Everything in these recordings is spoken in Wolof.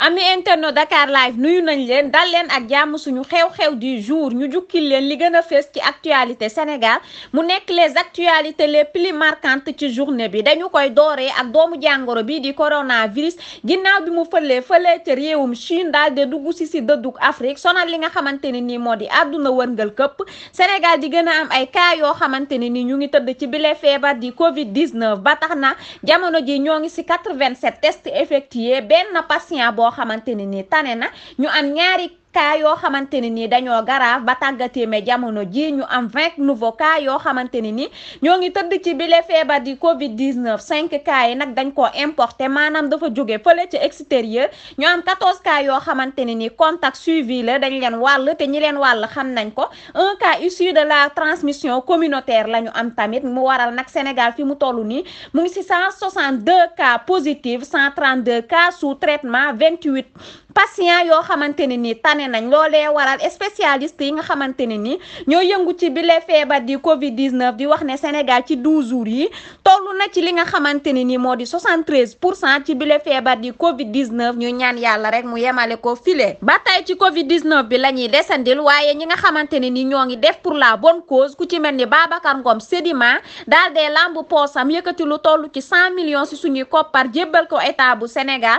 ami internet Dakar live nuyu nañ leen dal leen ak jàmm suñu xew-xew du jour ñu jukkil leen li gën a fees ci actualité Sénégal mu nekk les actualités le plus marquantes ci journée bi dañu koy dooree ak doomu jàngoro bii di coronavirus ginnaaw bi mu fëlee fëlee ca réewum Chine daal dugg si si dëddug Afrique sonal li nga xamante ne nii moo di àdduna wërngal këpp Sénégal di gën am ay cas yoo xamante ne nii ñu ngi tëdd ci bile feebar di Covid 19 ba tax na jamono ji ñoo ngi si 87 tests effectués benn patient boo boo xamante ne nii tane na ñu am ñaari cas yoo xamante ne nii dañoo grave ba tàggatee mais jamono ji ñu am vingt nouveau cas yoo xamante ne ni ñoo ngi tëdd ci bile feebar di Covid 19 cinq cas yi nag dañ koo importé maanaam dafa jóge fële ci extérieur ñu am quatorze cas yoo xamante ne nii contact suivi la dañ leen wàll te ñi leen wàll xam nañ ko un cas issu de la transmission communautaire la ñu am tamit mu waral nag Sénégal fi mu toll nii mu ngi si cent soixante deux cas positifs cent trente deux cas sous traitement vingt huit patient yoo xamante ne nii tane nañ loolee waral spécialiste yi nga xamante ne nii ñoo yëngu ci bile feebar di Covid 19 di wax ne Sénégal ci 12 jours yi toll na ci li nga xamante ne nii moo di 73 pour cent ci bile feebar di Covid 19 ñu ñaan yàlla rek mu yemale ko file. ba tey ci Covid 19 bi la ñuy desandil waaye ñi nga xamante ne nii ñoo ngi def pour la bonne cause ku ci mel ni Babacar Ngom Sedima daal dee lambu poosam yëkkati lu toll ci 100 millions suñuy koppar jébbal ko état bu Sénégal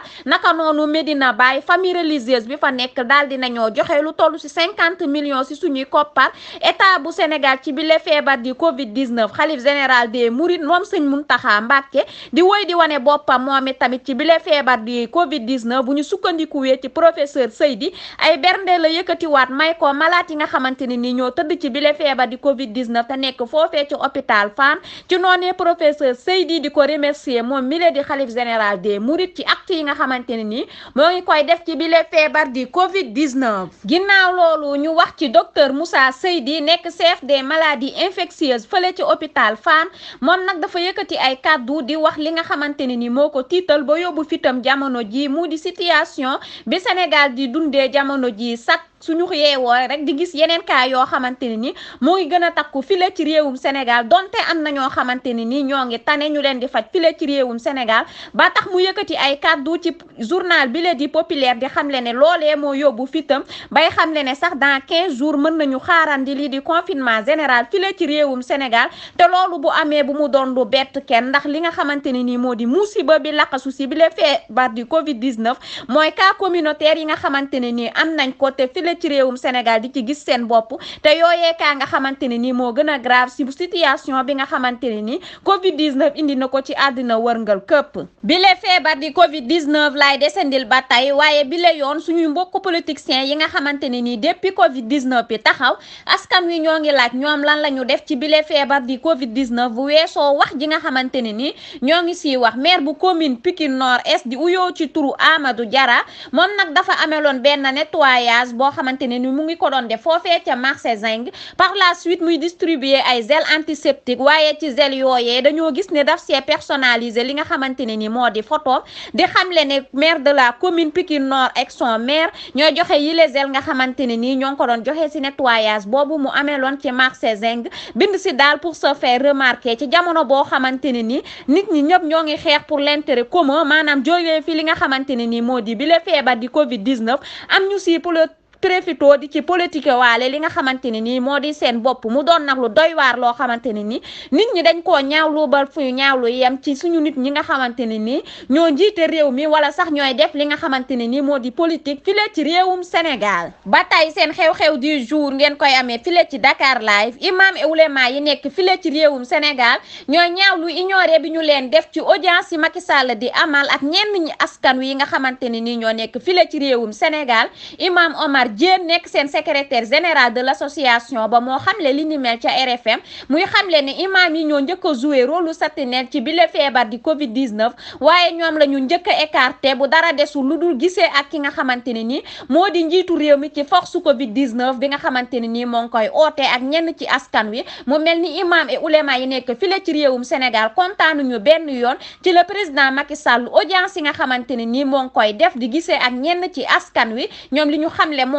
famille religieuse bi fa nekk daal di nañoo joxe lu toll ci cinquante million si suñuy koppar état bu Sénégal ci bile feebar di Covid 19 xalif général des Mourides moom sëñ Muntaxa Mbàkke di woy di wane boppam moom it tamit ci bile feebar di Covid bu ñu sukkandikuwee ci professeur Seydi ay bernde la yëkkatiwaat may ko malaat yi nga xamante ne ni ñoo tëdd ci bile feebar di Covid 19 te nekk foofee ci hôpital Fann ci noonee professeur Seydi di ko remercier moom mile di xalif général des Mourides ci acte yi nga xamante ne moo ngi koy def. ci bile feebar di Covid ginnaaw loolu ñu wax ci docteur Moussa Seydi nekk chef des maladies infectieuses fële ci hôpital Fann moom nag dafa yëkkati ay kàddu di wax li nga xamante ne ni moo ko tiital ba yóbbu fitam jamono ji mu di situation bi Sénégal di dundee jamono ji sat su ñu suñu wooy rek di gis yeneen cas yoo xamante ne ni mu ngi gën a takku file ci réewum Sénégal donte am na ñoo xamante ne ni ñoo ngi tane ñu leen di faj file ci réewum Sénégal ba tax mu yëkkati ay kàddu ci journal bi la di populaire di xamle ne loolee moo yóbbu fitam bay xamle ne sax dans quinze jours mën nañu xaarandi lii di confinement général file ci réewum Sénégal te loolu bu amee bu mu doon lu bett kenn ndax li nga xamante ne ni moo di musiba bi laqasu si bi la feebar di Covid mooy cas communautaire yi nga xamante ne ni am nañ ko fële ci réewum Sénégal di ci gis seen bopp te yooyee kaa nga xamante ne nii moo gën a grave si situation bi nga xamante ne nii Covid 19 indi na ko ci àddina wërngal këpp. bile feebar di Covid 19 laay desendil ba tey waaye bile yoon suñuy mbokk politiciens yi nga xamante ne nii depuis Covid 19 bi taxaw askan wi ñoo ngi laaj ñoom lan la ñu def ci bile feebar di Covid 19 bu weesoo wax ji nga xamante ne nii ñoo ngi siy wax maire bu commune Pikine Nord di uyoo ci turu Amadou Diarra moom xamante ne ni mu ngi ko doon def foofee ca marché zinc par la suite muy distribuer ay gel antiseptique waaye ci gel yooyee dañoo gis ne daf see personnalisé li nga xamante ne ni moo di photo di xamle ne maire de la commune Pikine Nord ak son maire ñoo joxe yile gel nga xamante ne nii ñoo ngi ko doon joxe si nettoyage boobu mu ameeloon ci marché zinc bind si daal pour se faire remarquer ci jamono boo xamante ne ni nit ñi ñëpp ñoo ngi xeex pour l'intérêt commun maanaam jógee fi li nga xamante ne ni moo di bile feebar di Covid 19 am ñu si pour profité di ci politique waale li nga xamante ne nii moo di seen bopp mu doon nag lu doy loo xamante ne nii nit ñi dañ koo ñaawlu ba fu ñaawlu yem ci suñu nit ñi nga xamante ne nii ñoo njiite réew mi wala sax ñooy def li nga xamante ne nii moo di politique file ci réewum Sénégal ba tey seen xew-xew du jour ngeen koy amee file ci Dakar live imam et ulema yi nekk file ci réewum Sénégal ñooy ñaawlu ignoré bi ñu leen def ci audience yi Macky Sall di amal ak ñenn ñi askan wi nga xamante ne nii ñoo nekk file ci réewum Sénégal Diène nekk seen secrétaire général de l' association ba moo xamle li ni mel ca RFM muy xamle ni imaam yi ñoo njëkk a joué rôle sentinelle ci bile feebar di Covid 19 waaye ñoom la ñu njëkk a écarté bu dara desul lu dul gisee ak ki nga xamante ne ni moo di njiitu réew mi ci force Covid 19 bi nga xamante ne ni moo ngi koy ootee ak ñenn ci askan wi mu mel ni imaam et ulema yi nekk file ci réewum Sénégal kontaanuñu benn yoon ci le président Macky Sall audience yi nga xamante ne ni moo ngi koy def di gisee ak ñenn ci askan wi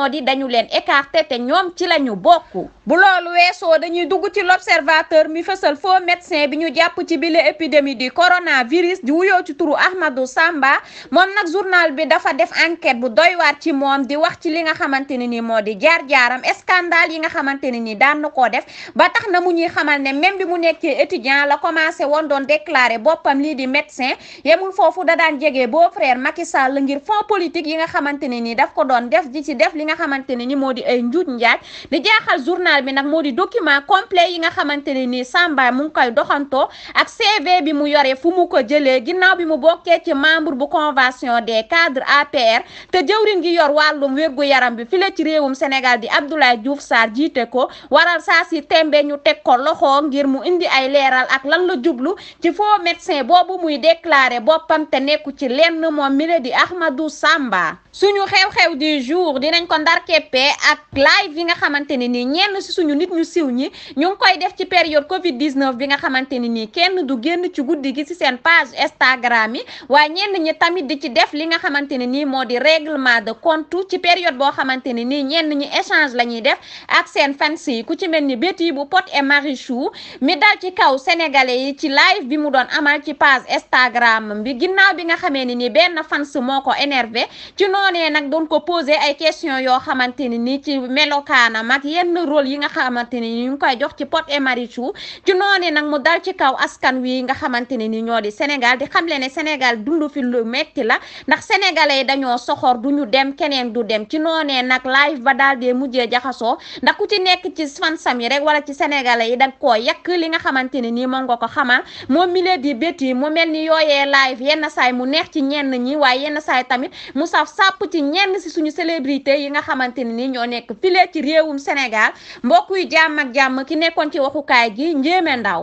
Maimouna dañu leen écarté te ñoom ci la ñu bokk bu loolu weesoo dañuy dugg ci l'observateur mi fësal faux médecin bi ñu jàpp ci bile épidémie du coronavirus di wuyoo ci turu Ahmadou Samba moom nag journal bi dafa def enquête bu doywaat ci moom di wax ci li nga xamante ne ni moo di jaar-jaaram scandale yi nga xamante ne ni daan na koo def ba tax na mu ñuy xamal ne même bi mu nekkee étudiant la commencé woon doon déclaré boppam lii di médecin yemul foofu da daan jege beau frère Macky yi nga xamante ne ni nga xamante ne ni moo di ay njuut njaaj di jaaxal journal bi nag moo di document complet yi nga xamante ne ni Samba mu ngi koy doxantoo ak CV bi mu yore fu mu ko jëlee ginnaaw bi mu bokkee ci membre bu convention des cadres APR te jëwrin gi yor wàllum wérgu yaram bi fi la ci réewum Sénégal di Abdoulaye Diouf Sarr jiite ko waral saa si tembe ñu teg ko loxo ngir mu indi ay leeral ak lan la jublu ci foo médecin boobu muy déclaré boppam te nekku ci lenn moom mi di Ahmadou Samba suñu xew ndarkeppe ak live yi nga xamante ne nii ñenn si suñu nit ñu siw ñi ñu ngi koy def ci période Covid 19 bi nga xamante ne nii kenn du génn ci guddi gi si seen page Instagram yi waaye ñenn ñi tamit di ci def li nga xamante ne nii moo di réglement de compte ci période boo xamante ne nii ñenn ñi échange la ñuy def ak seen fans yi ku ci mel ni Betty bu pot et Marichou mi dal ci kaw sénégalais yi ci live bi mu doon amal ci page Instagram bi ginnaaw bi nga xamee ne nii benn fans moo ko énervé ci noonee nag doon ko poser ay questions. yoo xamante ni nii ci melokaanam ak yenn rôle yi nga xamante ni ñu ngi koy jox ci Pod et Marichou ci noonu nag mu dal ci kaw askan wi nga xamante ne ni ñoo di Sénégal di xam xamle ne Sénégal dund fi lu metti la ndax sénégalais yi dañoo soxor du ñu dem keneen du dem ci noonee nag live ba dal dee mujjee jaxasoo ndax ku ci nekk ci fansam yi rek wala ci sénégalais yi danga koo yàq li nga xamante ne nii moom nga ko xamal moom milieu di béti mu mel ni yooyee live yenn saay mu neex ci ñenn ñi nga xamante ni ñoo nekk file ci réewum Sénégal mbokk yi jàmm jàmm ki nekkoon ci waxukaay gi Ndiémé Ndaw